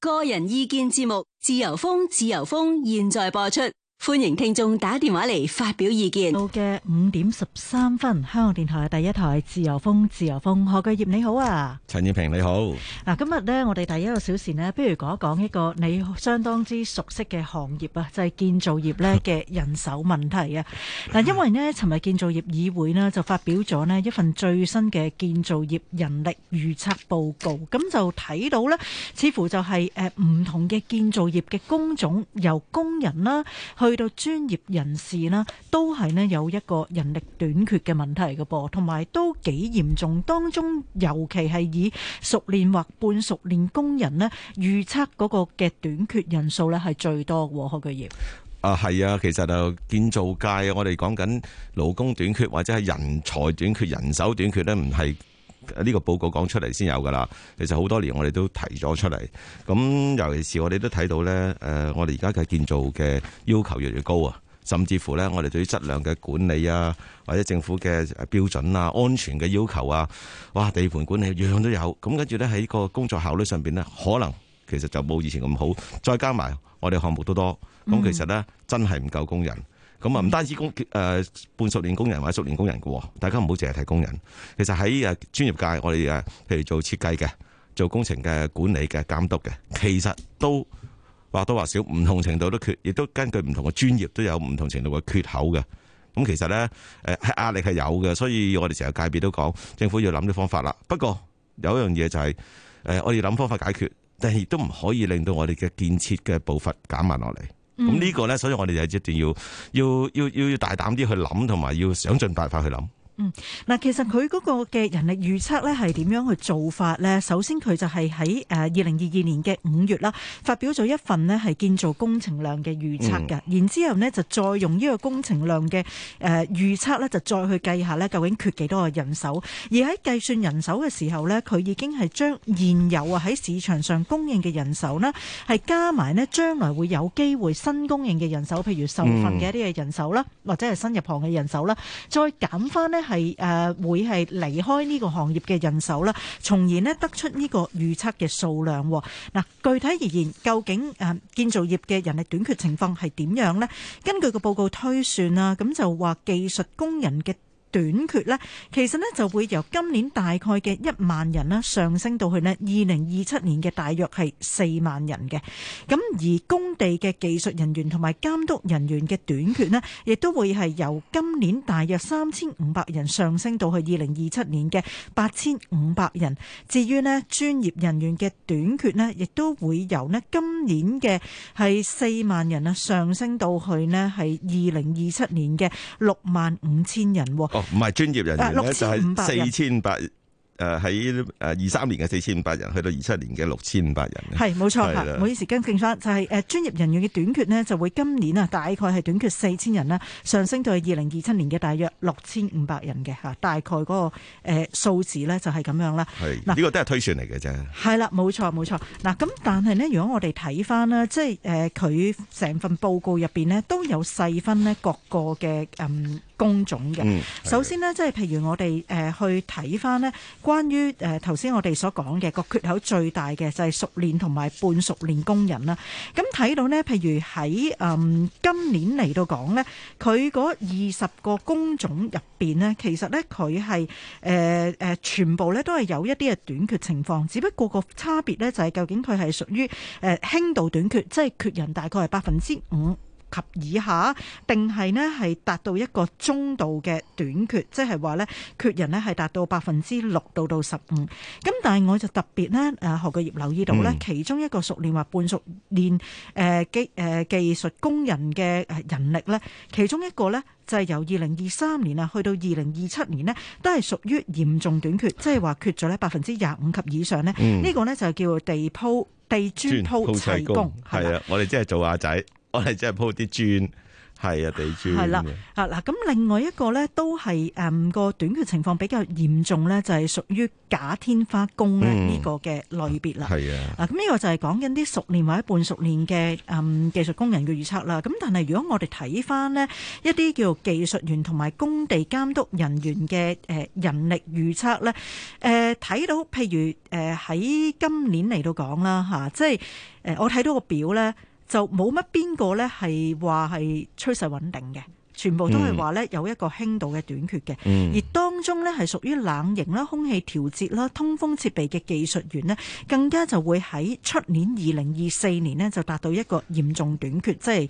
個人意見節目，自由風，自由風，現在播出。歡迎聽眾打電話嚟發表意見。到嘅，五點十三分，香港電台第一台自由風，自由風，何巨業你好啊，陳燕萍你好。嗱，今日呢，我哋第一個小時呢，不如講一講一個你相當之熟悉嘅行業啊，就係建造業呢嘅人手問題啊。嗱， 因為呢，尋日建造業議會呢，就發表咗呢一份最新嘅建造業人力預測報告，咁就睇到呢，似乎就係誒唔同嘅建造業嘅工種由工人啦。去到專業人士啦，都係呢有一個人力短缺嘅問題㗎噃，同埋都幾嚴重。當中尤其係以熟練或半熟練工人呢，預測嗰個嘅短缺人數呢係最多嘅。何巨業啊，係啊，其實啊，建造界我哋講緊勞工短缺或者係人才短缺、人手短缺呢，唔係，呢個報告講出嚟先有㗎啦，其實好多年我哋都提咗出嚟。咁尤其是我哋都睇到呢，誒我哋而家嘅建造嘅要求越嚟越高啊，甚至乎呢，我哋對於質量嘅管理啊，或者政府嘅標準啊、安全嘅要求啊，哇！地盤管理樣樣都有。咁跟住呢，喺個工作效率上面呢，可能其實就冇以前咁好。再加埋我哋項目都多，咁其實呢，真係唔夠工人。咁啊，唔單止工半熟練工人或者熟練工人嘅，大家唔好淨係睇工人。其實喺誒專業界，我哋誒譬如做設計嘅、做工程嘅、管理嘅、監督嘅，其實都或多或少唔同程度都缺，亦都根據唔同嘅專業都有唔同程度嘅缺口嘅。咁其實咧誒係壓力係有嘅，所以我哋成日界別都講，政府要諗啲方法啦。不過有一樣嘢就係誒，我哋諗方法解決，但係亦都唔可以令到我哋嘅建設嘅步伐減慢落嚟。咁呢個咧，所以我哋就一定要要要要要大膽啲去諗，同埋要想盡辦法去諗。嗯，嗱，其實佢嗰個嘅人力預測咧係點樣去做法呢？首先佢就係喺誒二零二二年嘅五月啦，發表咗一份咧係建造工程量嘅預測嘅，嗯、然之後咧就再用呢個工程量嘅誒預測咧就再去計下咧究竟缺幾多個人手，而喺計算人手嘅時候呢，佢已經係將現有啊喺市場上供應嘅人手呢，係加埋咧將來會有機會新供應嘅人手，譬如受訓嘅一啲嘅人手啦，或者係新入行嘅人手啦，再減翻咧。係誒，會係離開呢個行業嘅人手啦，從而咧得出呢個預測嘅數量。嗱，具體而言，究竟誒建造業嘅人力短缺情況係點樣呢？根據個報告推算啊，咁就話技術工人嘅。短缺呢，其實呢就會由今年大概嘅一萬人呢上升到去呢二零二七年嘅大約係四萬人嘅。咁而工地嘅技術人員同埋監督人員嘅短缺呢，亦都會係由今年大約三千五百人上升到去二零二七年嘅八千五百人。至於呢專業人員嘅短缺呢，亦都會由呢今年嘅係四萬人呢上升到去呢係二零二七年嘅六萬五千人喎。唔係專業人員咧，就係四千八。誒喺誒二三年嘅四千五百人，去到二七年嘅六千五百人。係冇錯吓，唔的好意思，跟進返就係誒專業人員嘅短缺呢，就會今年啊大概係短缺四千人啦，上升到係二零二七年嘅大約六千五百人嘅吓，大概嗰、那個誒數、呃、字呢，就係、是、咁樣啦。係嗱是，呢、啊、個都係推算嚟嘅啫。係啦，冇錯冇錯。嗱咁、啊，但係呢，如果我哋睇翻咧，即係誒佢成份報告入邊呢，都有細分呢，各個嘅嗯。工種嘅，首先呢，即係譬如我哋、呃、去睇翻呢，關於誒頭先我哋所講嘅個缺口最大嘅就係熟練同埋半熟練工人啦。咁睇到呢，譬如喺、嗯、今年嚟到講呢，佢嗰二十個工種入面呢，其實呢，佢係、呃、全部呢都係有一啲嘅短缺情況，只不過個差別呢，就係究竟佢係屬於誒、呃、輕度短缺，即係缺人大概係百分之五及以下，定係呢，係達到一個中度嘅短缺，即係話呢，缺人呢，係達到百分之六到到十五。咁但係我就特別呢，誒何巨業留意到呢、嗯、其中一個熟練或半熟練誒、呃、技誒、呃、技術工人嘅誒人力呢，其中一個呢就係由二零二三年啊去到二零二七年呢，都係屬於嚴重短缺，即係話缺咗呢百分之廿五及以上呢，呢、嗯、個呢就叫地鋪地磚鋪砌工係啊吧，我哋即係做阿仔。我哋真係鋪啲磚，係啊地磚。係啦，啊嗱，咁另外一個咧，都係誒個短缺情況比較嚴重咧，就係屬於假天花工咧呢個嘅類別啦。係、嗯、啊，啊咁呢、呢個就係講緊啲熟練或者半熟練嘅誒技術工人嘅預測啦。咁但係如果我哋睇翻呢一啲叫技術員同埋工地監督人員嘅誒人力預測咧，誒、呃、睇到譬如誒喺、呃、今年嚟到講啦吓，即係誒、呃、我睇到個表咧。就冇乜邊個咧係話係趨勢穩定嘅。全部都係話呢有一個輕度嘅短缺嘅，嗯、而當中呢係屬於冷凝啦、空氣調節啦、通風設備嘅技術員呢更加就會喺出年二零二四年呢就達到一個嚴重短缺，即、就、係、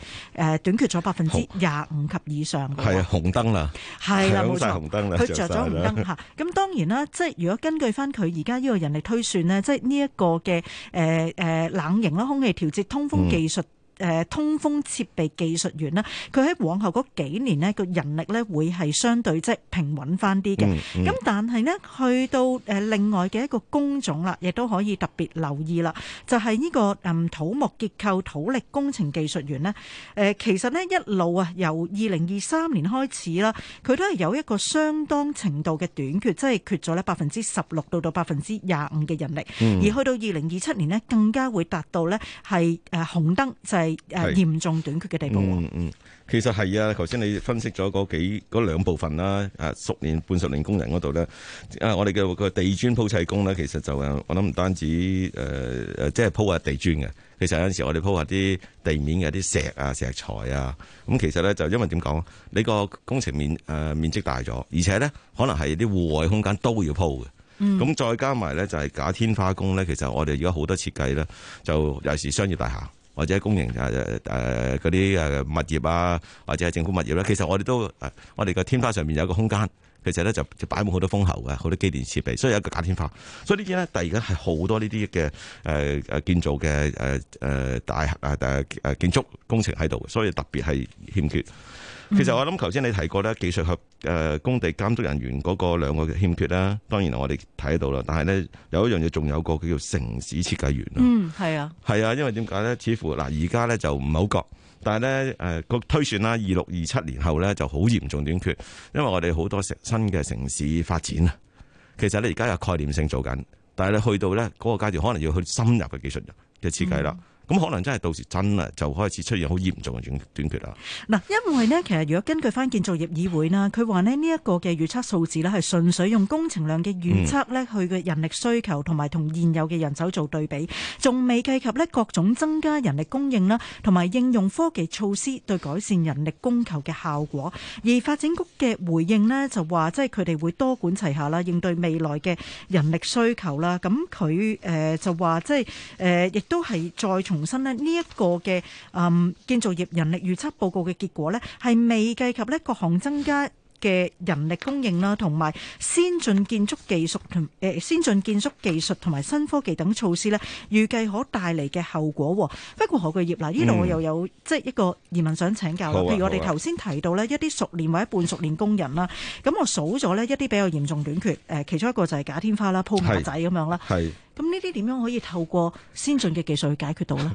是、短缺咗百分之廿五及以上嘅。係紅燈啦，係啦，冇錯，紅燈啦，佢着咗紅燈嚇，咁當然啦，即 如果根據翻佢而家呢個人力推算呢即呢一個嘅、呃呃、冷凝啦、空氣調節、通風技術。嗯誒通風設備技術員啦，佢喺往後嗰幾年咧，個人力咧會係相對即係平穩翻啲嘅。咁、嗯嗯、但係咧，去到誒另外嘅一個工種啦，亦都可以特別留意啦，就係、是、呢、這個、嗯、土木結構土力工程技術員咧。誒、呃、其實咧一路啊，由二零二三年開始啦，佢都係有一個相當程度嘅短缺，即係缺咗咧百分之十六到到百分之廿五嘅人力。嗯、而去到二零二七年咧，更加會達到咧係誒紅燈就係、是。嚴重短缺嘅地步。嗯，嗯其實係啊，頭先你分析咗嗰幾嗰兩部分啦。誒、啊，熟練半熟練工人嗰度咧，我哋嘅個地磚鋪砌工咧，其實就誒，我諗唔單止誒誒，即係鋪下地磚嘅，其實有陣時我哋鋪下啲地面嘅啲石啊、石材啊，咁其實咧就因為點講？你個工程、呃、面誒面積大咗，而且咧可能係啲戶外空間都要鋪嘅。咁、嗯、再加埋咧就係、是、假天花工咧，其實我哋而家好多設計咧，就尤其是商業大廈。或者公營誒誒嗰啲誒物業啊，或者係政府物業咧，其實我哋都，我哋個天花上面有個空間，其實咧就就擺滿好多風喉嘅，好多機電設備，所以有一個假天花。所以呢啲咧，但係而家係好多呢啲嘅誒誒建造嘅誒誒大誒誒建築工程喺度，所以特別係欠缺。其實我諗頭先你提過咧，技術及誒工地監督人員嗰個兩個欠缺啦，當然我哋睇到啦。但係咧有一樣嘢仲有個叫做城市設計員咯。嗯，係啊，係啊，因為點解咧？似乎嗱，而家咧就唔係好覺，但係咧誒個推算啦，二六二七年後咧就好嚴重短缺，因為我哋好多新嘅城市發展啊。其實咧而家有概念性做緊，但係咧去到咧嗰個階段，可能要去深入嘅技術嘅設計啦。嗯咁可能真係到時真啦，就開始出現好嚴重嘅短缺啦。嗱，因為咧，其實如果根據翻建造業議會啦，佢話咧呢一個嘅預測數字咧係純粹用工程量嘅預測咧佢嘅人力需求同埋同現有嘅人手做對比，仲未計及咧各種增加人力供應啦，同埋應用科技措施對改善人力供求嘅效果。而發展局嘅回應咧就話即係佢哋會多管齊下啦，應對未來嘅人力需求啦。咁佢誒就話，即係誒亦都係再從。重新咧呢一個嘅嗯，建造業人力預測報告嘅結果咧，係未計及咧各行增加。嘅人力供應啦，同埋先進建築技術同誒先進建築技術同埋新科技等措施呢，預計可帶嚟嘅後果。不過何巨業嗱，呢度我又有即係一個疑問想請教、嗯啊、譬如我哋頭先提到呢，一啲熟練或者半熟練工人啦，咁我數咗呢一啲比較嚴重短缺誒，其中一個就係假天花啦、鋪木仔咁樣啦。係咁呢啲點樣可以透過先進嘅技術去解決到呢？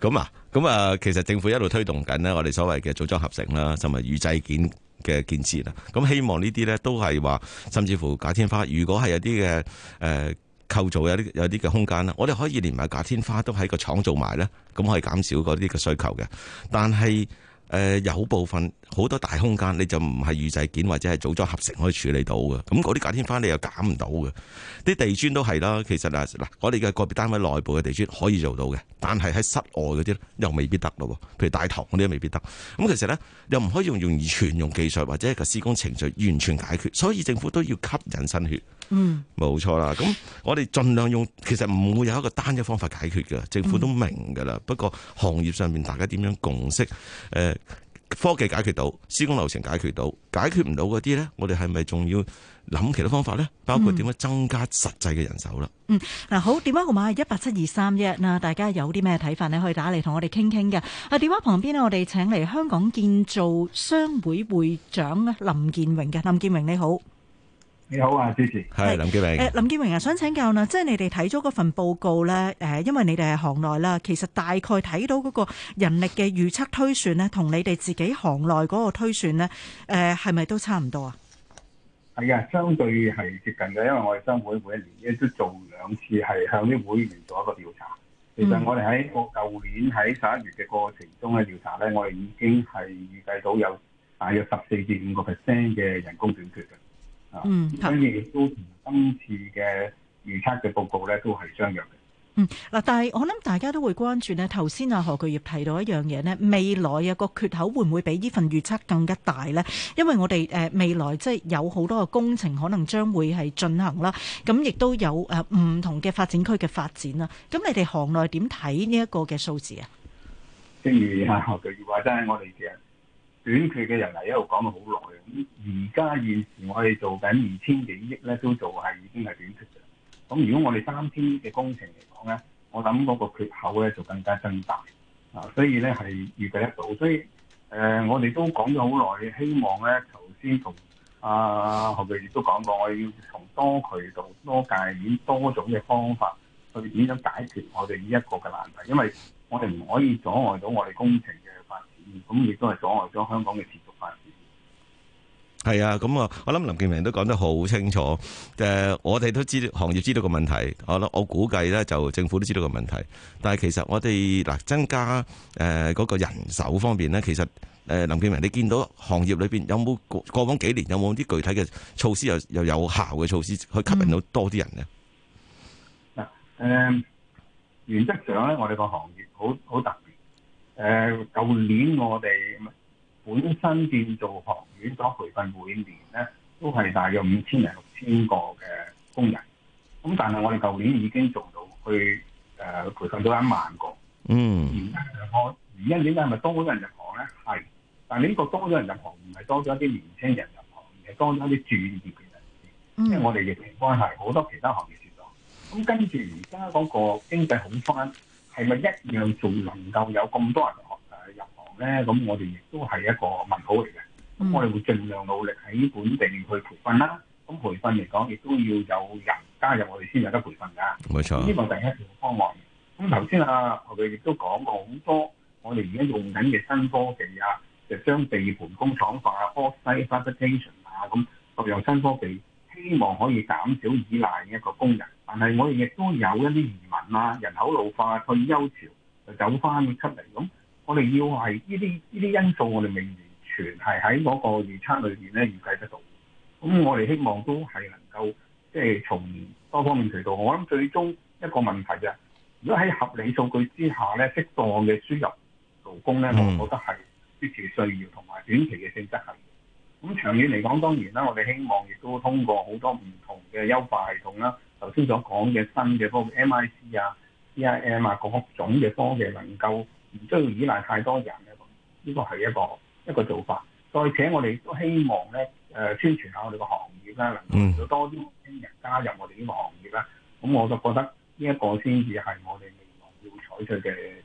咁啊，咁啊，其實政府一路推動緊呢，我哋所謂嘅組裝合成啦，甚至預製件。嘅建設啦，咁希望呢啲咧都係話，甚至乎假天花，如果係有啲嘅誒構造有啲有啲嘅空間咧，我哋可以連埋假天花都喺個廠做埋咧，咁可以減少嗰啲嘅需求嘅，但係。誒，有部分好多大空間，你就唔係預製件或者係組裝合成可以處理到嘅，咁嗰啲假天花你又揀唔到嘅，啲地磚都係啦。其實嗱，嗱，我哋嘅個別單位內部嘅地磚可以做到嘅，但係喺室外嗰啲又未必得咯。譬如大堂嗰啲未必得。咁其實咧又唔可以用用完全用技術或者個施工程序完全解決，所以政府都要吸引新血。嗯，冇錯啦。咁我哋盡量用，其實唔會有一個單一方法解決㗎。政府都明噶啦。嗯，不過行業上面大家點樣共識？誒，科技解決到，施工流程解決到，解決唔到嗰啲呢，我哋係咪仲要諗其他方法呢？包括點樣增加實際嘅人手啦。嗯，嗱好，電話號碼係一八七二三一。嗱，大家有啲咩睇法呢，可以打嚟同我哋傾傾嘅。啊，電話旁邊呢，我哋請嚟香港建造商會會長林健榮嘅。林健榮你好。你好啊，主持係林健榮。誒，林健榮啊，想請教啦，即係你哋睇咗嗰份報告咧，誒，因為你哋係行內啦，其實大概睇到嗰個人力嘅預測推算咧，同你哋自己行內嗰個推算咧，誒，係咪都差唔多啊？係啊，相對係接近嘅，因為我哋商會每一年咧都做兩次，係向啲會員做一個調查。其實我哋喺個舊年喺十一月嘅過程中嘅調查咧，我哋已經係預計到有大約十四至五個 percent 嘅人工短缺嘅。嗯，亦都同今次嘅預測嘅報告咧，都係相若嘅。嗯，嗱，但係我諗大家都會關注呢。頭先阿何巨業提到一樣嘢咧，未來啊，個缺口會唔會比呢份預測更加大呢？因為我哋誒未來即係有好多嘅工程可能將會係進行啦，咁亦都有誒唔同嘅發展區嘅發展啦。咁你哋行內點睇呢一個嘅數字啊？正如阿何巨業話齋，我哋嘅。短缺嘅人嚟一路講到好耐，咁而家現時我哋做緊二千幾億咧，都做係已經係短缺嘅。咁如果我哋三千億嘅工程嚟講咧，我諗嗰個缺口咧就更加增大啊！所以咧係預計得到，所以誒、呃、我哋都講咗好耐，希望咧，頭先同阿何佩亦都講過，我要從多渠道、多界面、多種嘅方法去點樣解決我哋呢一個嘅難題，因為我哋唔可以阻礙到我哋工程。咁亦都係阻礙咗香港嘅持續發展。係啊，咁、嗯、啊，我諗林健榮都講得好清楚。誒、呃，我哋都知道行業知道個問題，我諗我估計咧就政府都知道個問題。但係其實我哋嗱、呃、增加誒嗰、呃那個人手方面咧，其實誒、呃、林健榮，你見到行業裏邊有冇過往幾年有冇啲具體嘅措施又又有，有效嘅措施去吸引到多啲人呢？嗱、呃，誒原則上咧，我哋個行業好好大。誒，舊、uh, 年我哋本身建造學院所培訓每年咧，都係大約五千零六千個嘅工人。咁但係我哋舊年已經做到去誒、呃、培訓咗一萬個。嗯、mm.。而家我而家點解係咪多咗人入行咧？係。但係呢個多咗人入行唔係多咗一啲年輕人入行，而係多咗啲專業嘅人。嗯。Mm. 因為我哋疫情關係，好多其他行業跌落。咁跟住而家嗰個經濟好翻。係咪一樣仲能夠有咁多人學誒入行咧？咁我哋亦都係一個問號嚟嘅。咁我哋會盡量努力喺本地去培訓啦。咁培訓嚟講，亦都要有人加入我哋先有得培訓㗎。冇錯、啊。呢個第一條方案。咁頭先啊，我哋亦都講過好多，我哋而家用緊嘅新科技啊，就將地盤工廠化，Offsite Fabrication 啊，咁用新科技，希望可以減少依賴一個工人。但係我哋亦都有一啲移民啊、人口老化、退休潮就走翻出嚟咁，我哋要係呢啲呢啲因素，我哋未完全係喺嗰個預測裏邊咧預計得到。咁我哋希望都係能夠即係從多方面渠道，我諗最終一個問題就、啊、如果喺合理數據之下咧，適當嘅輸入勞工咧，我覺得係支持需要同埋短期嘅性質係。咁長遠嚟講，當然啦、啊，我哋希望亦都通過好多唔同嘅優化系統啦、啊。頭先所講嘅新嘅嗰個 MIC 啊、BIM 啊各種嘅科技，能夠唔需要依賴太多人咧，呢個係一個一個做法。再且我哋都希望咧，誒、呃、宣傳下我哋個行業啦，能夠多啲年輕人加入我哋呢個行業啦。咁我就覺得呢一個先至係我哋未來要採取嘅。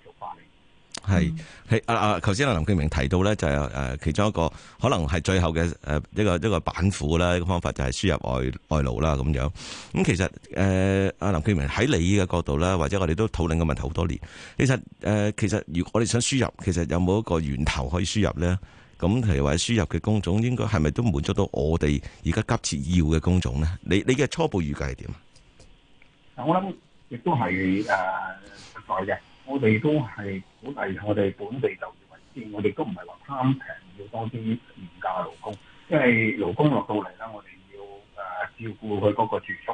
係，係啊！啊，頭先阿林健榮提到咧，就係誒，其中一個可能係最後嘅誒，一個一個板斧啦，方法就係輸入外外勞啦，咁樣。咁其實誒，阿林健榮喺你嘅角度啦，或者我哋都討論個問題好多年。其實誒，其實如果我哋想輸入，其實有冇一個源頭可以輸入咧？咁譬如話輸入嘅工種，應該係咪都滿足到我哋而家急切要嘅工種咧？你你嘅初步預計係點啊？我諗亦都係誒、啊，實在嘅。我哋都係鼓勵，我哋本地就業為先。我哋都唔係話貪平要多啲廉價勞工，因為勞工落到嚟啦，我哋要照顧佢嗰個住宿，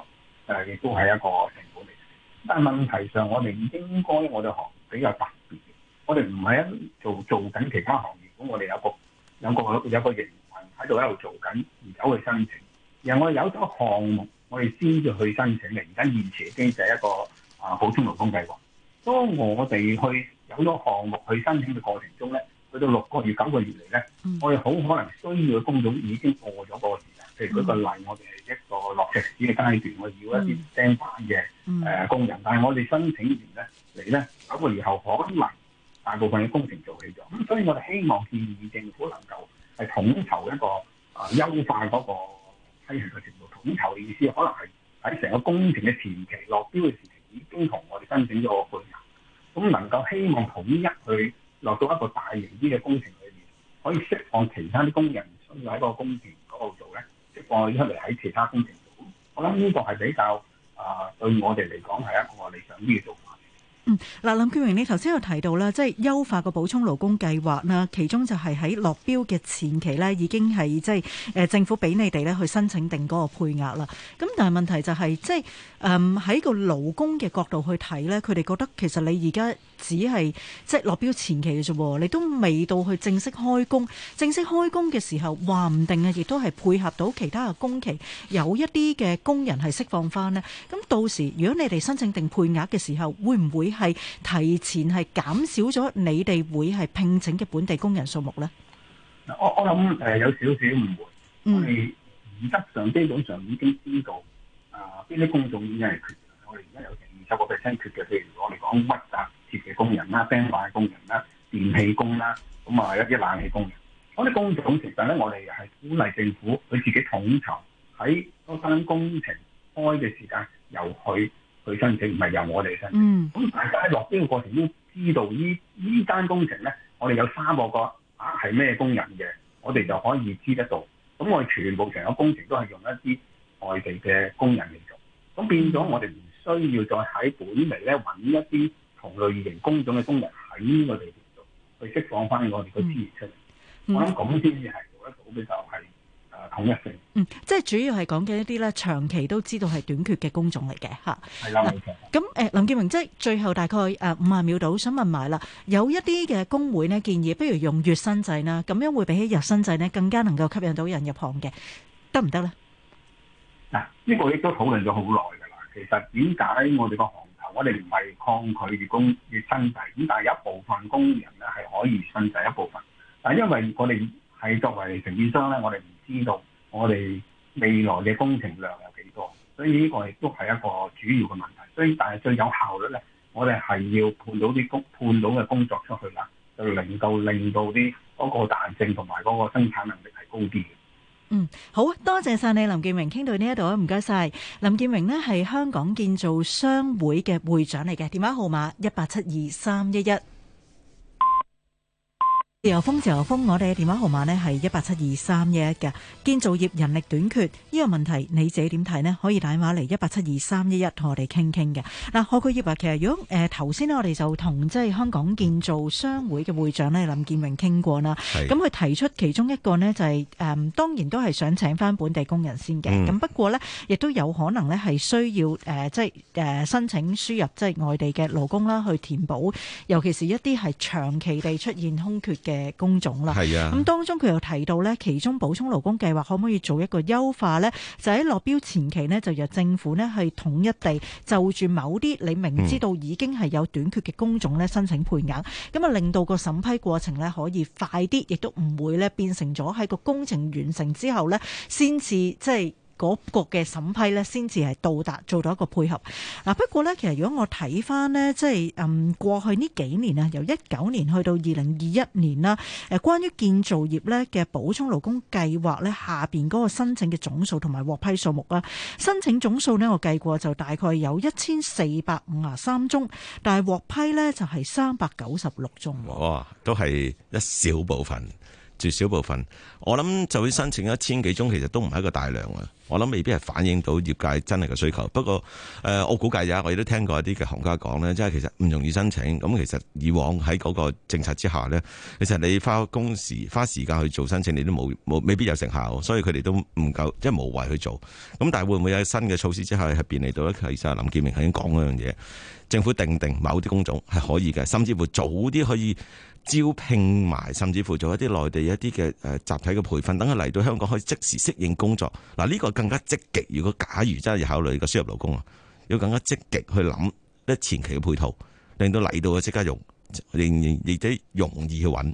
亦都係一個成本嚟。但係問題上，我哋應該我哋行比較特別，我哋唔係做做緊其他行業，咁我哋有個有個有個營運喺度喺度做緊，而走去申請。然後我哋有咗項目，我哋先至去申請嘅。而家現時已經濟，一個啊補充勞工計劃。當我哋去有好多項目去申請嘅過程中咧，去到六個月九個月嚟咧，嗯、我哋好可能需要嘅工種已經過咗個時間。譬如舉個例，我哋係一個落石子嘅階段，我要一啲釘板嘅誒工人，但係我哋申請完咧嚟咧九個月後，可能大部分嘅工程做起咗。咁所以我哋希望建議政府能夠係統籌一個啊、呃、優化嗰、嗰個批核嘅程度。統籌嘅意思可能係喺成個工程嘅前期落標嘅時。已經同我哋申請咗個配合，咁能夠希望統一去落到一個大型啲嘅工程裏面，可以釋放其他啲工人，需要喺個工程嗰度做咧，釋放佢出嚟喺其他工程做，我諗呢個係比較啊、呃、對我哋嚟講係一個我理想啲嘅做法。嗯，嗱，林健榮，你頭先有提到啦，即係優化個補充勞工計劃啦，其中就係喺落標嘅前期咧，已經係即係誒政府俾你哋咧去申請定嗰個配額啦。咁但係問題就係、是，即係誒喺個勞工嘅角度去睇咧，佢哋覺得其實你而家，只係即係落標前期嘅啫，你都未到去正式開工。正式開工嘅時候，話唔定啊，亦都係配合到其他嘅工期，有一啲嘅工人係釋放翻咧。咁到時，如果你哋申請定配額嘅時候，會唔會係提前係減少咗你哋會係聘請嘅本地工人數目咧？我我諗誒有少少誤會，我哋原則上基本上已經知道啊，邊啲工種已經係缺，我哋而家有成二十個 percent 缺嘅。譬如我哋講乜。嘅工人啦、啊、裝瓦工人啦、啊、電氣工啦、啊，咁啊一啲冷氣工人，嗰啲工種其實咧，我哋係鼓勵政府佢自己統籌喺多單工程開嘅時間由，由佢去申請，唔係由我哋申請。咁、mm. 大家喺落標嘅過程都知道，呢依單工程咧，我哋有三個個啊係咩工人嘅，我哋就可以知得到。咁我哋全部成個工程都係用一啲外地嘅工人嚟做，咁變咗我哋唔需要再喺本地咧揾一啲。同類型工種嘅工人喺我哋地段去釋放翻我哋嘅資源出嚟，嗯、我諗咁先至係做得到嘅就係啊統一性。嗯，即係主要係講緊一啲咧長期都知道係短缺嘅工種嚟嘅嚇。係啦。咁誒，林建明即係最後大概誒五十秒度，想問埋啦，有一啲嘅工會咧建議，不如用月薪制啦，咁樣會比起日薪制呢更加能夠吸引到人入行嘅，得唔得呢？嗱，呢個亦都討論咗好耐㗎啦。其實點解我哋個行？我哋唔係抗拒月工月薪制，咁但係有一部分工人咧係可以薪制一部分。但係因為我哋係作為承建商咧，我哋唔知道我哋未來嘅工程量有幾多，所以呢個亦都係一個主要嘅問題。所以但係最有效率咧，我哋係要判到啲工判到嘅工作出去啦，就能夠令到啲嗰個彈性同埋嗰個生產能力係高啲。嗯，好啊，多謝晒你，林健榮，傾到呢一度啊，唔該晒，林健榮呢係香港建造商會嘅會長嚟嘅，電話號碼一八七二三一一。自由風，自由風，我哋嘅電話號碼呢係一八七二三一一嘅。建造業人力短缺呢，這個問題，你自己點睇呢？可以打電話嚟，一八七二三一一同我哋傾傾嘅。嗱，何巨業啊，其實如果誒頭先呢我哋就同即係香港建造商會嘅會長呢林健榮傾過啦。咁佢是提出其中一個呢就係、是、誒、呃，當然都係想請翻本地工人先嘅。咁、嗯、不過呢，亦都有可能呢係需要誒即係誒申請輸入即係外地嘅勞工啦，去填補，尤其是一啲係長期地出現空缺。嘅工種啦，咁的當中佢又提到呢，其中補充勞工計劃可唔可以做一個優化呢？就喺落標前期呢，就由政府呢去統一地就住某啲你明知道已經係有短缺嘅工種咧，申請配額，咁啊、嗯、令到個審批過程呢可以快啲，亦都唔會咧變成咗喺個工程完成之後呢先至即係。嗰個嘅審批呢，先至係到達做到一個配合。嗱，不過呢，其實如果我睇翻呢，即係嗯過去呢幾年啊，由一九年去到二零二一年啦，誒，關於建造業呢嘅補充勞工計劃呢，下邊嗰個申請嘅總數同埋獲批數目啊，申請總數呢，我計過就大概有一千四百五十三宗，但係獲批呢就係三百九十六宗。哇、哦，都係一小部分。住少部分，我諗就會申請一千幾宗，其實都唔係一個大量啊！我諗未必係反映到業界真係嘅需求。不過，誒，我估計有一，我哋都聽過一啲嘅行家講咧，即係其實唔容易申請。咁其實以往喺嗰個政策之下呢，其實你花工時、花時間去做申請，你都冇、冇，未必有成效。所以佢哋都唔夠，即係無謂去做。咁但係會唔會有新嘅措施之後係變嚟到咧？其實林建明已經講嗰樣嘢，政府定定某啲工種係可以嘅，甚至乎早啲可以。招聘埋，甚至乎做一啲內地一啲嘅集體嘅培訓，等佢嚟到香港可以即時適應工作嗱。呢、這個更加積極。如果假如真係要考慮個輸入勞工啊，要更加積極去諗啲前期嘅配套，令到嚟到嘅即刻用，仍然亦都容易去揾。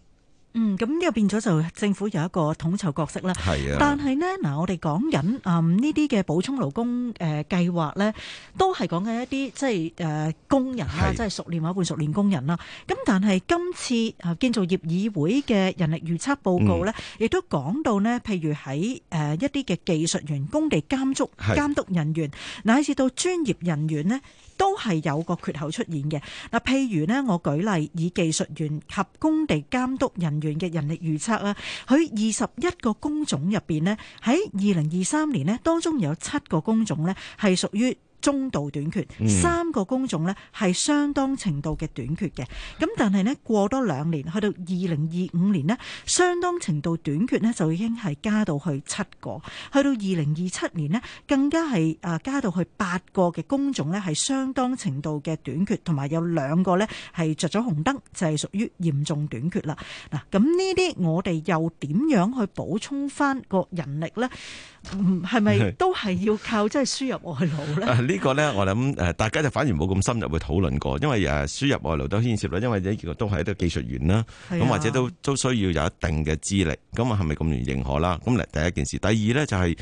嗯，咁呢個變咗就政府有一個統籌角色啦。啊、但係呢，嗱，我哋講緊啊呢啲嘅補充勞工誒、呃、計劃呢，都係講緊一啲即係誒工人啦，是即係熟練或者半熟練工人啦。咁但係今次啊建造業議會嘅人力預測報告呢，亦、嗯、都講到呢，譬如喺、呃、一啲嘅技術員工地監督是監督人員，乃至到專業人員呢。都係有個缺口出現嘅。嗱，譬如呢，我舉例以技術員及工地監督人員嘅人力預測啦，佢二十一個工種入邊呢，喺二零二三年呢，當中有七個工種呢係屬於，中度短缺三個工種呢係相當程度嘅短缺嘅。咁但係呢，過多兩年，去到二零二五年呢，相當程度短缺呢就已經係加到去七個；去到二零二七年呢，更加係啊加到去八個嘅工種呢，係相當程度嘅短缺，同埋有兩個呢係着咗紅燈，就係屬於嚴重短缺啦。嗱，咁呢啲我哋又點樣去補充翻個人力呢？嗯，係咪都係要靠即係輸入外勞咧？呢 個咧，我諗誒，大家就反而冇咁深入去討論過，因為誒輸入外勞都牽涉啦，因為呢個都係一個技術員啦，咁或者都都需要有一定嘅資歷，咁啊係咪咁容易認可啦？咁嚟，第一件事，第二咧就係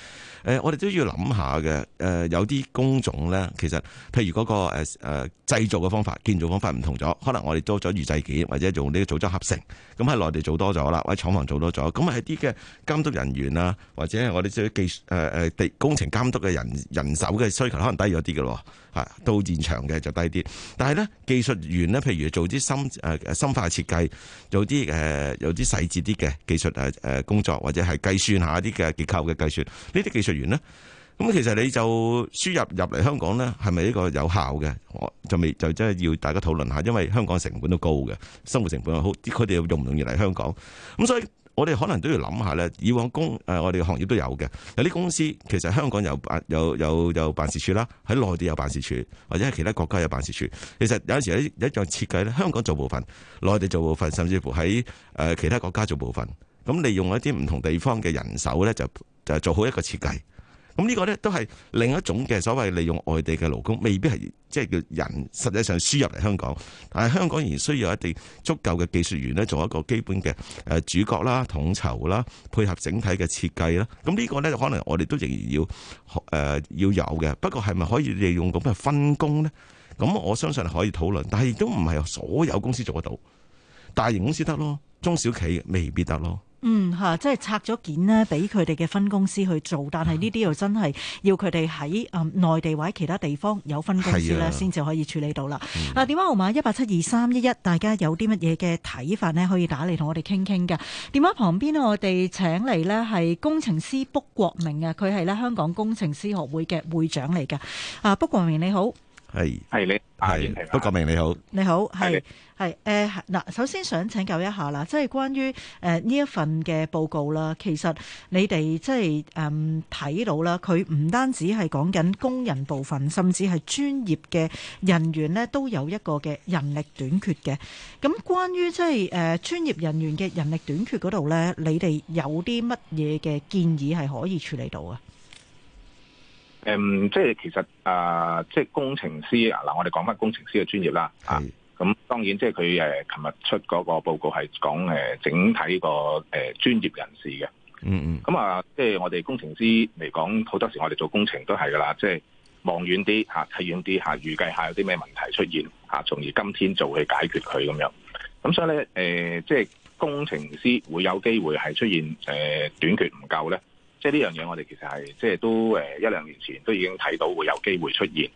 誒，我哋都要諗下嘅誒，有啲工種咧，其實譬如嗰個誒誒製造嘅方法、建造方法唔同咗，可能我哋多咗預製件，或者用啲組裝合成，咁喺內地做多咗啦，或者廠房做多咗，咁喺啲嘅監督人員啦，或者我哋需要技誒誒，地工程監督嘅人人手嘅需求可能低咗啲嘅咯，吓到現場嘅就低啲。但係咧技術員咧，譬如做啲深誒誒深化設計，做啲誒有啲細節啲嘅技術誒誒工作，或者係計算下啲嘅結構嘅計算，呢啲技術員咧，咁其實你就輸入入嚟香港咧，係咪呢個有效嘅？我就未就真係要大家討論下，因為香港成本都高嘅，生活成本又好，佢哋用唔用嚟嚟香港？咁所以。我哋可能都要諗下咧，以往工誒、呃、我哋嘅行業都有嘅，有啲公司其實香港有辦有有有，有辦事處啦，喺內地有辦事處，或者喺其他國家有辦事處。其實有陣時有一一樣設計咧，香港做部分，內地做部分，甚至乎喺、呃、其他國家做部分，咁利用一啲唔同地方嘅人手咧，就就做好一個設計。咁呢個呢，都係另一種嘅所謂利用外地嘅勞工，未必係即係叫人實際上輸入嚟香港。但係香港仍然需要一定足夠嘅技術員呢，做一個基本嘅呃主角啦、統籌啦、配合整體嘅設計啦。咁呢個呢，可能我哋都仍然要、呃、要有嘅。不過係咪可以利用咁嘅分工呢？咁我相信可以討論，但係亦都唔係所有公司做得到，大型公司得咯，中小企未必得咯。嗯吓、啊，即係拆咗件呢俾佢哋嘅分公司去做，但係呢啲又真係要佢哋喺誒內地或者其他地方有分公司呢先至，啊、可以處理到啦。嗯、啊，電話號碼一八七二三一一，2, 3, 1, 1, 大家有啲乜嘢嘅睇法呢，可以打嚟同我哋傾傾㗎。電話旁邊我哋請嚟呢係工程師卜國明啊，佢係呢香港工程師學會嘅會長嚟㗎。啊，卜國明你好。係係你係，卜國明你好，你好，係係誒，嗱、呃，首先想請教一下啦，即係關於誒呢一份嘅報告啦，其實你哋即係誒睇到啦，佢唔單止係講緊工人部分，甚至係專業嘅人員呢，都有一個嘅人力短缺嘅。咁關於即係誒專業人員嘅人力短缺嗰度呢，你哋有啲乜嘢嘅建議係可以處理到啊？誒、嗯，即係其實啊，即係工程師啊，嗱，我哋講翻工程師嘅專業啦，是啊，咁當然即係佢誒，琴日出嗰個報告係講誒，整體個誒專業人士嘅，嗯嗯、mm，咁、hmm. 啊，即係我哋工程師嚟講，好多時我哋做工程都係噶啦，即係望遠啲吓，睇遠啲吓，預計、啊、下有啲咩問題出現吓，從、啊、而今天做去解決佢咁樣，咁、啊、所以咧，誒、啊，即係工程師會有機會係出現誒、啊、短缺唔夠咧。即係呢樣嘢，我哋其實係即係都誒一兩年前都已經睇到會有機會出現，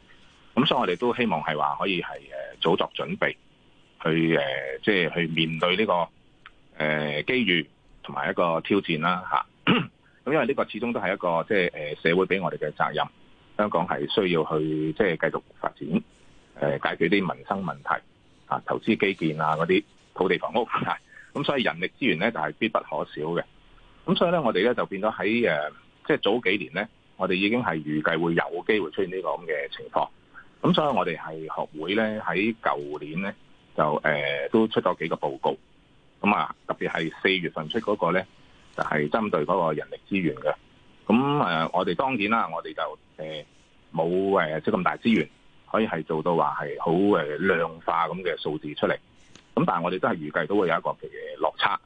咁所以我哋都希望係話可以係誒早作準備，去誒即係去面對呢個誒機遇同埋一個挑戰啦吓。咁因為呢個始終都係一個即係誒社會俾我哋嘅責任，香港係需要去即係繼續發展，誒解決啲民生問題啊，投資基建啊嗰啲，土地房屋，咁所以人力資源咧就係必不可少嘅。咁所以咧，我哋咧就變咗喺誒，即係早幾年咧，我哋已經係預計會有機會出現呢個咁嘅情況。咁所以，我哋係學會咧喺舊年咧就誒、呃、都出咗幾個報告。咁啊，特別係四月份出嗰個咧，就係、是、針對嗰個人力資源嘅。咁誒，我哋當然啦，我哋就誒冇誒即係咁大資源，可以係做到話係好誒量化咁嘅數字出嚟。咁但係我哋都係預計都會有一個嘅落差。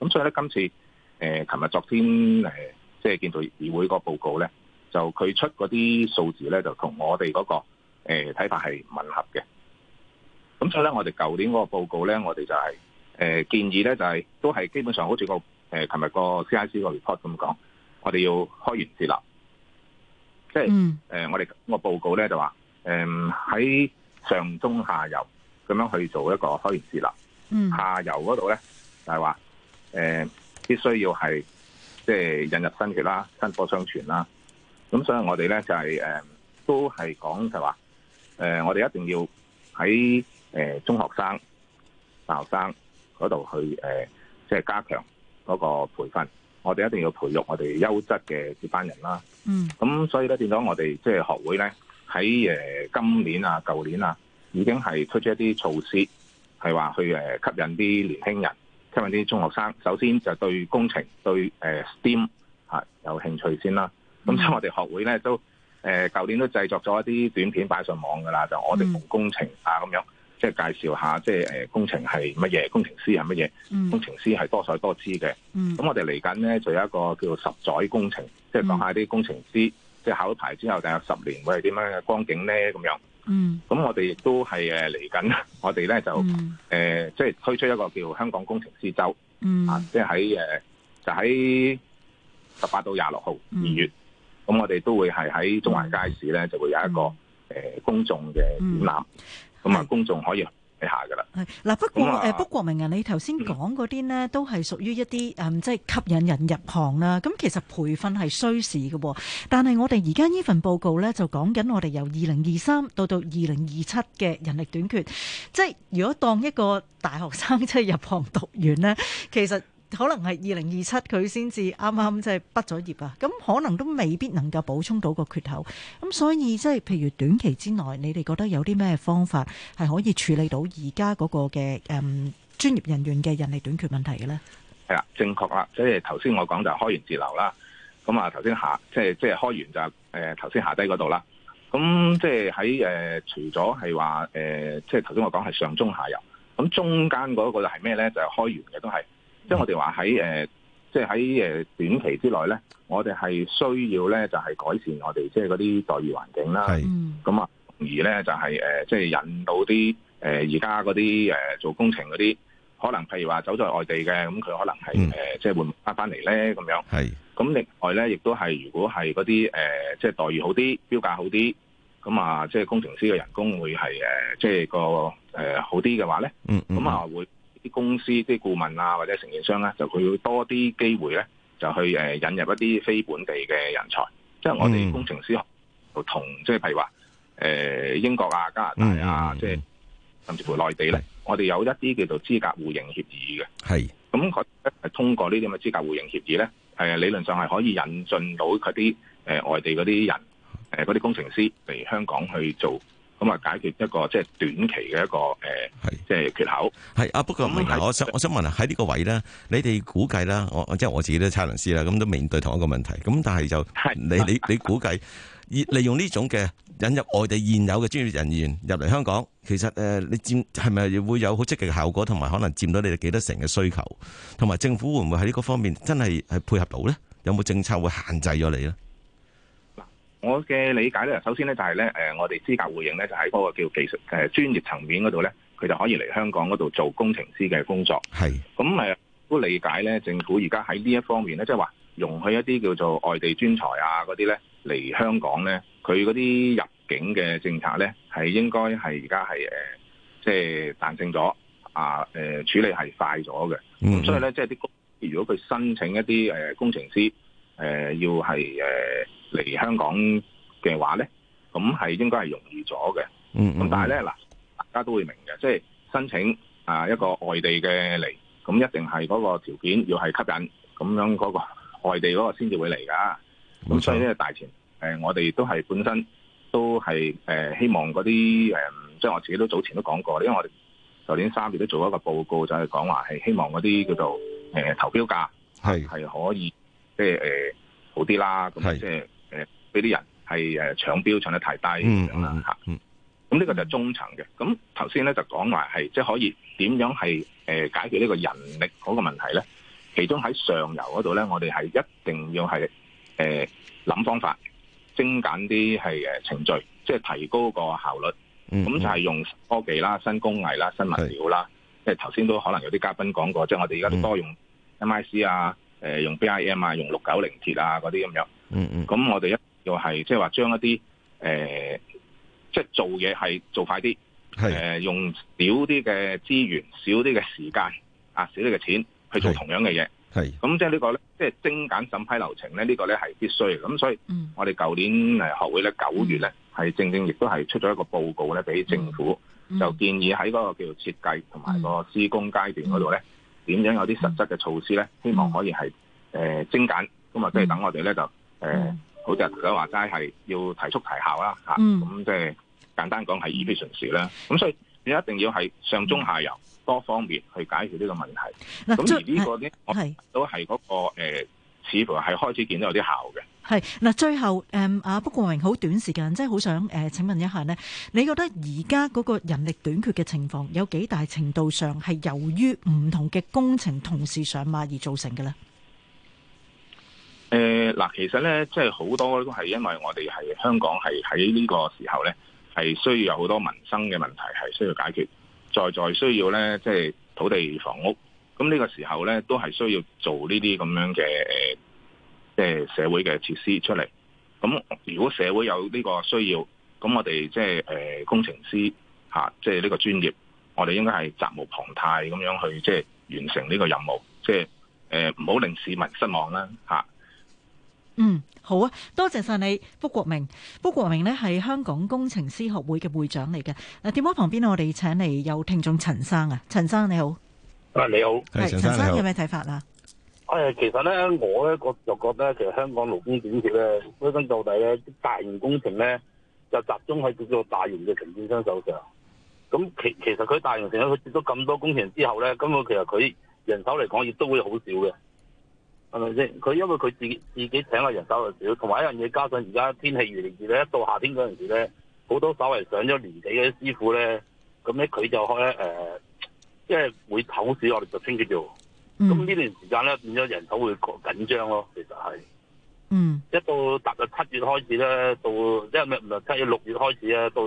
咁所以咧，今次。誒，琴日，昨天誒，即、就、係、是、建造議會報呢呢、那個呃、呢個報告咧、就是呃，就佢出嗰啲數字咧，就同我哋嗰個睇法係吻合嘅。咁所以咧，我哋舊年嗰個報告咧，我哋就係誒建議咧，就係都係基本上好似、那個誒琴日個 CIC 個 report 咁講，我哋要開源節流。即係誒，我哋個報告咧就話誒喺上中下游咁樣去做一個開源節流。嗯、下游嗰度咧就係話誒。呃必須要係即係引入新血啦，薪火相傳啦。咁所以我哋咧就係誒，都係講就係話誒，我哋一定要喺誒中學生、大學生嗰度去誒，即係加強嗰個培訓。我哋一定要培育我哋優質嘅接班人啦。嗯。咁所以咧，變咗我哋即係學會咧，喺誒今年啊、舊年啊，已經係推出一啲措施，係話去誒吸引啲年輕人。聽問啲中學生，首先就對工程對 STEM a 有興趣先啦。咁所以我哋學會咧都誒舊年都製作咗一啲短片擺上網㗎啦，就我哋同工程啊咁樣，即、就、係、是、介紹下即係工程係乜嘢，工程師係乜嘢，mm. 工程師係多才多姿嘅。咁、mm. 我哋嚟緊咧，就有一個叫做十載工程，即、就、係、是、講下啲工程師即係、就是、考牌之後，大概十年會係點樣嘅光景咧咁樣。嗯，咁我哋亦都係誒嚟緊，我哋咧就誒即係推出一個叫香港工程師周、嗯啊嗯，嗯，啊，即係喺誒就喺十八到廿六號二月，咁我哋都會係喺中環街市咧就會有一個誒、嗯呃、公眾嘅展覽，咁啊、嗯嗯、公眾可以。下噶啦，係嗱、 啊。不過誒、 啊，不過明、啊、人，你頭先講嗰啲呢，都係屬於一啲誒、嗯，即係吸引人入行啦。咁其實培訓係需時嘅，但係我哋而家呢份報告呢，就講緊我哋由二零二三到到二零二七嘅人力短缺。即係如果當一個大學生即係入行讀完呢，其實。可能係二零二七佢先至啱啱即係畢咗業啊，咁可能都未必能夠補充到個缺口，咁所以即係譬如短期之內，你哋覺得有啲咩方法係可以處理到而家嗰個嘅誒、嗯、專業人員嘅人力短缺問題嘅咧？係啦，正確啦，即係頭先我講就係開源節流啦。咁啊，頭先下即係即係開源就誒頭先下低嗰度啦。咁即係喺誒除咗係話誒，即係頭先我講係上中下游，咁中間嗰個就係咩咧？就係、係、開源嘅都係。即係我哋話喺誒，即係喺誒短期之內咧，我哋係需要咧，就係改善我哋即係嗰啲待遇環境啦。係是，咁啊，而咧就係誒，即係引導啲誒而家嗰啲誒做工程嗰啲，可能譬如話走在外地嘅，咁佢可能係誒，即係會翻翻嚟咧，咁樣。係，咁另外咧，亦都係如果係嗰啲誒，即係待遇好啲，標價好啲，咁啊，即係工程師嘅人工會係誒，即係個誒好啲嘅話咧，咁啊會。啲公司啲顧問啊，或者承建商咧，啊，就佢要多啲機會咧，就去引入一啲非本地嘅人才，即係我哋工程師學會同即係譬如話英國啊、加拿大啊，嗯、即係甚至乎內地咧，是我哋有一啲叫做資格互認協議嘅，係咁佢係通過呢啲咁嘅資格互認協議咧，係理論上係可以引進到佢啲外地嗰啲人，嗰啲工程師嚟香港去做。咁啊，解決一個即係短期嘅一個誒，即係缺口係啊。不過問題，我想我想問啊，喺呢個位咧，你哋估計啦，我即係我自己都差人師啦，咁都面對同一個問題。咁但係就你你你估計，以利用呢種嘅引入外地現有嘅專業人員入嚟香港，其實誒，你佔係咪會有好積極嘅效果，同埋可能佔到你哋幾多成嘅需求，同埋政府會唔會喺呢個方面真係係配合到咧？有冇政策會限制咗你咧？我嘅理解咧，首先咧就係咧，誒、呃，我哋資格互認咧，就喺嗰個叫技術誒、呃、專業層面嗰度咧，佢就可以嚟香港嗰度做工程師嘅工作。係，咁誒都理解咧，政府而家喺呢一方面咧，即係話容許一啲叫做外地專才啊嗰啲咧嚟香港咧，佢嗰啲入境嘅政策咧係應該係而家係即係彈性咗啊誒，處理係快咗嘅。嗯，所以咧即係啲工，如果佢申請一啲工程師誒、呃、要係嚟香港嘅話咧，咁係應該係容易咗嘅，嗯。嗯咁但係咧嗱，大家都會明嘅，即係申請啊一個外地嘅嚟，咁一定係嗰個條件要係吸引，咁樣嗰個外地嗰個先至會嚟㗎。咁錯所以咧大前提，呃，我哋都係本身都係誒、呃、希望嗰啲誒，即係我自己都早前都講過，因為我哋頭年三月都做一個報告，就係講話係希望嗰啲叫做誒、呃、投標價係係可以即係誒好啲啦。咁即係。俾啲人係誒搶標搶得太低咁樣啦嚇，咁呢個就係中層嘅。咁頭先咧就講話係即係可以點樣係誒解決呢個人力嗰個問題咧？其中喺上游嗰度咧，我哋係一定要係誒諗方法精簡啲係誒程序，即係提高個效率。咁、嗯嗯、就係用科技啦、新工藝啦、新物料啦。即係頭先都可能有啲嘉賓講過，即係我哋而家都多用 M I C 啊、呃、用 B I M 啊、用六九零鐵啊嗰啲咁樣。嗯嗯，咁、嗯、我哋一又係即係話將一啲誒，即、呃、係、就是、做嘢係做快啲，係誒是、呃、用少啲嘅資源、少啲嘅時間、啊少啲嘅錢去做同樣嘅嘢，係。咁即係呢個咧，即、就、係、是、精簡審批流程咧，這個、呢個咧係必須嘅。咁所以，嗯，我哋舊年誒學會咧九月咧係正正亦都係出咗一個報告咧俾政府，就建議喺嗰個叫做設計同埋個施工階段嗰度咧，點樣有啲實質嘅措施咧，希望可以係誒、呃、精簡，咁啊即係等我哋咧就。誒，嗯、好似阿劉生話齋係要提速提效啦，吓咁即係簡單講係 efficiency 啦，咁所以你一定要係上中下游多方面去解決呢個問題。嗱、嗯，咁而這個呢、嗯我係那個咧都係嗰個誒，是似乎係開始見到有啲效嘅。係嗱，最後誒阿卜國明好短時間，即係好想誒、呃，請問一下呢：你覺得而家嗰個人力短缺嘅情況，有幾大程度上係由於唔同嘅工程同時上馬而造成嘅咧？嗱，其實咧，即係好多都係因為我哋係香港係喺呢個時候咧，係需要有好多民生嘅問題係需要解決，在在需要咧，即係土地房屋。咁呢個時候咧，都係需要做呢啲咁樣嘅，即係社會嘅設施出嚟。咁如果社會有呢個需要，咁我哋即係誒工程師吓，即係呢個專業，我哋應該係責無旁貸咁樣去即係完成呢個任務，即係誒唔好令市民失望啦吓。嗯，好啊，多謝晒你，卜國明。卜國明咧係香港工程師學會嘅會長嚟嘅。電話旁邊我哋請嚟有聽眾陳生啊，陳生你好。啊，你好，陳好生，陳生好有咩睇法啊？其實咧我咧就覺得其實香港勞工短缺咧，歸根到底咧，大型工程咧就集中喺叫做大型嘅承建商手上。咁其其實佢大型承建佢接咗咁多工程之後咧，咁我其實佢人手嚟講亦都會好少嘅。係咪先？佢因為佢自己自己請嘅人手就少，同埋一樣嘢，加上而家天氣越嚟越熱，一到夏天嗰陣時咧，好多稍為上咗年紀嘅師傅咧，咁咧佢就開咧，誒、呃，即係會投市，我哋就清佢掉。咁呢、mm. 段時間咧，變咗人手會緊張咯，其實係。嗯。Mm. 一到達到七月開始咧，到即係咩唔係七月六月開始啊，到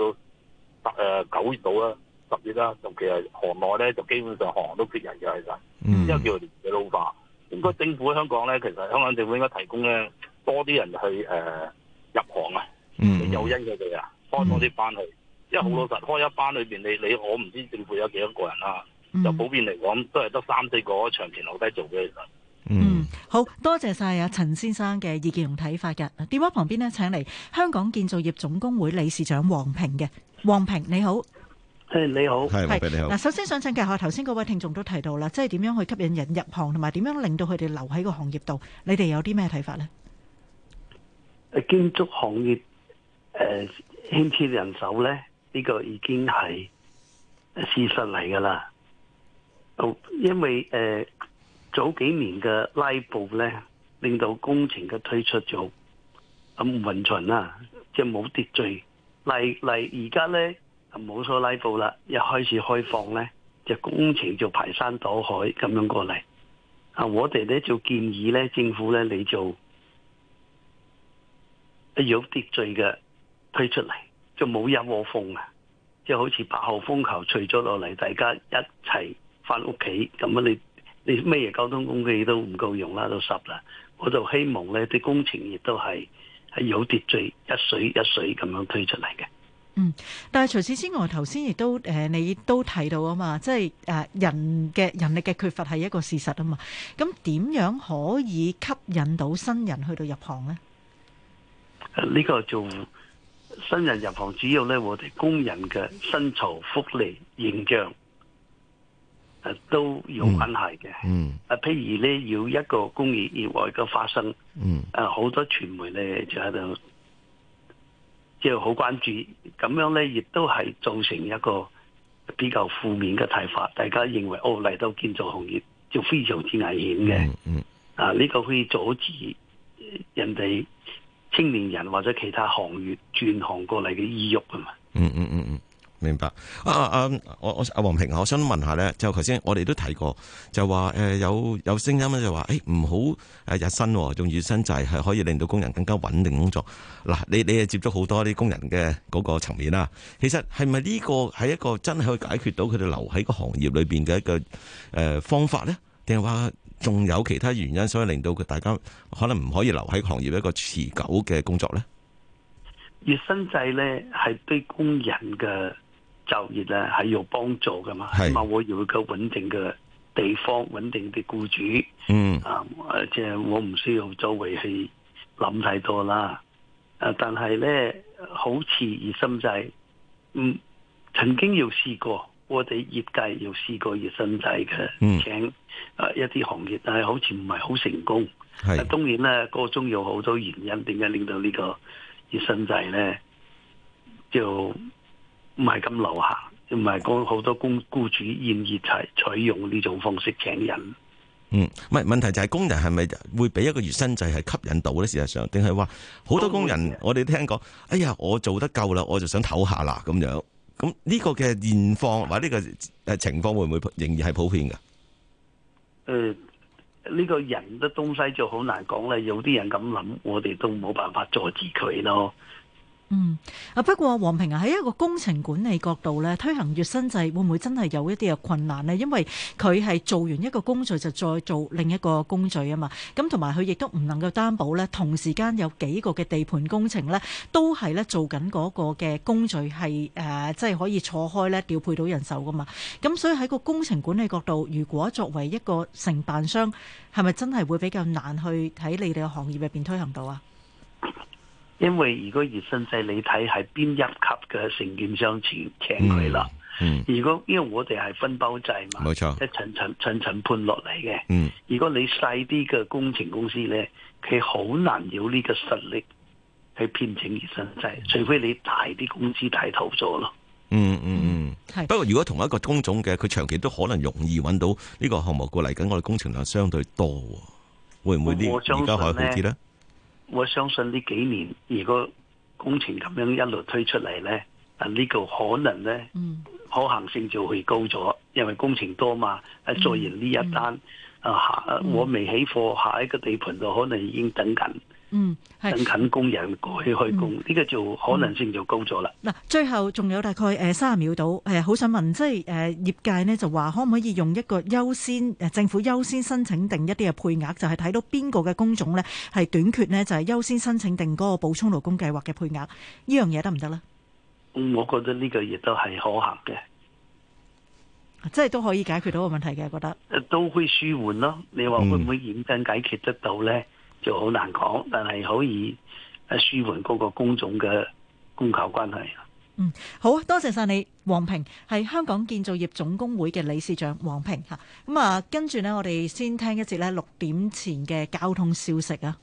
八誒九月度啊，十月啦，尤其係行內咧，就基本上行都缺人嘅其實，mm. 因為叫年紀老化。應該政府香港咧，其實香港政府應該提供咧多啲人去誒、呃、入行啊，mm hmm. 有因佢哋啊開多啲班去，因為好老實開一班裏邊，你你我唔知政府有幾多個人啦，mm hmm. 就普遍嚟講都係得三四個長期留低做嘅。其實嗯，好多謝晒啊，陳先生嘅意見同睇法。嘅電話旁邊呢，請嚟香港建造業總工會理事長黃平，嘅黃平你好。Hey, 你好，係是，唔該，你好。嗱，首先想請教下，頭先嗰位聽眾都提到啦，即係點樣去吸引人入行，同埋點樣令到佢哋留喺個行業度？你哋有啲咩睇法咧？誒，建築行業誒，欠、呃、缺人手咧，呢、這個已經係事實嚟噶啦。因為誒、呃、早幾年嘅拉布咧，令到工程嘅推出咗咁勻勻啦，即係冇秩序。例嚟而家咧。冇錯，所拉布啦，一開始開放咧，就工程就排山倒海咁樣過嚟。啊，我哋咧就建議咧，政府咧你就有秩序嘅推出嚟，就冇一窩蜂啊，即係好似八號風球除咗落嚟，大家一齊翻屋企咁樣，你你咩嘢交通工具都唔夠用啦，都塞啦。我就希望咧啲工程亦都係係有秩序，一水一水咁樣推出嚟嘅。嗯，但係除此之外，頭先亦都誒、呃，你也都提到啊嘛，即係誒、呃、人嘅人力嘅缺乏係一個事實啊嘛。咁、嗯、點、嗯、樣可以吸引到新人去到入行呢？呢、啊呢個做新人入行，主要呢，我哋工人嘅薪酬、福利、形象都有關係嘅。嗯。啊，譬、嗯啊、如呢，要一個工業意外嘅發生，嗯，啊好多傳媒呢就喺度。即係好關注，咁樣咧，亦都係造成一個比較負面嘅睇法。大家認為哦，嚟到建造行業就非常之危險嘅、嗯。嗯，啊，呢、這個可以阻止人哋青年人或者其他行業轉行過嚟嘅意欲啊嘛、嗯。嗯嗯嗯嗯。明白啊啊，我我阿黃平，我想問下咧，就頭先我哋都提過，就話誒、呃、有有聲音咧，就話誒唔好誒日薪，用月薪制係可以令到工人更加穩定工作。嗱，你你啊接觸好多啲工人嘅嗰個層面啦，其實係咪呢個係一個真係可以解決到佢哋留喺個行業裏邊嘅一個誒、呃、方法咧？定係話仲有其他原因，所以令到佢大家可能唔可以留喺行業一個持久嘅工作咧？月薪制咧係對工人嘅就業咧係有幫助㗎嘛，起碼是我有一個穩定嘅地方，穩定啲雇主，啊、嗯，即係、嗯就是，我唔需要周圍去諗太多啦。但係咧，好似月薪制，嗯，曾經有試過，我哋業界有試過月薪制嘅，嗯、請一啲行業，但係好似唔係好成功。係是當然啦，個中有好多原因，點解令到個月薪呢個月薪制咧就？唔係咁流行，唔係講，好多公雇主仍然係採用呢種方式請人。嗯，唔係問題就係，工人係咪會俾一個月薪制係吸引到咧？事實上，定係話好多工人，工人我哋聽講，哎呀，我做得夠啦，我就想唞下啦咁樣。咁呢個嘅現況或者呢個誒情況會唔會仍然係普遍嘅？誒、呃、呢、這個人嘅東西就好難講啦。有啲人咁諗，我哋都冇辦法阻止佢咯。嗯，啊不過黃平啊喺一個工程管理角度咧，推行月薪制會唔會真係有一啲嘅困難咧？因為佢係做完一個工序就再做另一個工序啊嘛。咁同埋佢亦都唔能夠擔保咧，同時間有幾個嘅地盤工程咧都係咧做緊嗰個嘅工序係誒，即、呃、係、即係、可以錯開咧調配到人手噶嘛。咁所以喺個工程管理角度，如果作為一個承辦商，係咪真係會比較難去喺你哋嘅行業入邊推行到啊？因為如果熱身制，你睇係邊一級嘅承建商請佢啦。如果、嗯嗯、因為我哋係分包制嘛，冇錯，一層層層層判落嚟嘅。嗯、如果你細啲嘅工程公司咧，佢好難有呢個實力去聘請熱身制，除非你大啲工資大頭咗咯。嗯嗯嗯，係。不過如果同一個工種嘅，佢長期都可能容易揾到呢個項目過嚟，咁我哋工程量相對多，會唔會現在還好呢而家可以好啲咧？我相信呢幾年，如果工程咁樣一路推出嚟呢，啊、這、呢個可能，嗯可行性，就會高咗，因為工程多嘛。啊，做完呢一單，啊下我未起貨，下一個地盤就可能已經等緊。嗯，近近工人去開工，呢個就可能性就高咗啦。嗱、嗯嗯，最後仲有大概誒卅秒到，誒，好想問，即係誒業界呢就話可唔可以用一個優先誒政府優先申請定一啲嘅配額，就係、是、睇到邊個嘅工種呢係短缺呢，就係、是、優先申請定嗰個補充勞工計劃嘅配額，呢樣嘢得唔得呢？我覺得呢個亦都係可行嘅，即係都可以解決到個問題嘅，覺得。都會舒緩咯。你話會唔會認真解決得到呢？嗯就好難講，但係可以舒緩嗰個工種嘅供求關係。嗯，好多謝晒你，黃平係香港建造業總工會嘅理事長黃平吓，咁啊。跟住呢，我哋先聽一節呢，六點前嘅交通消息啊。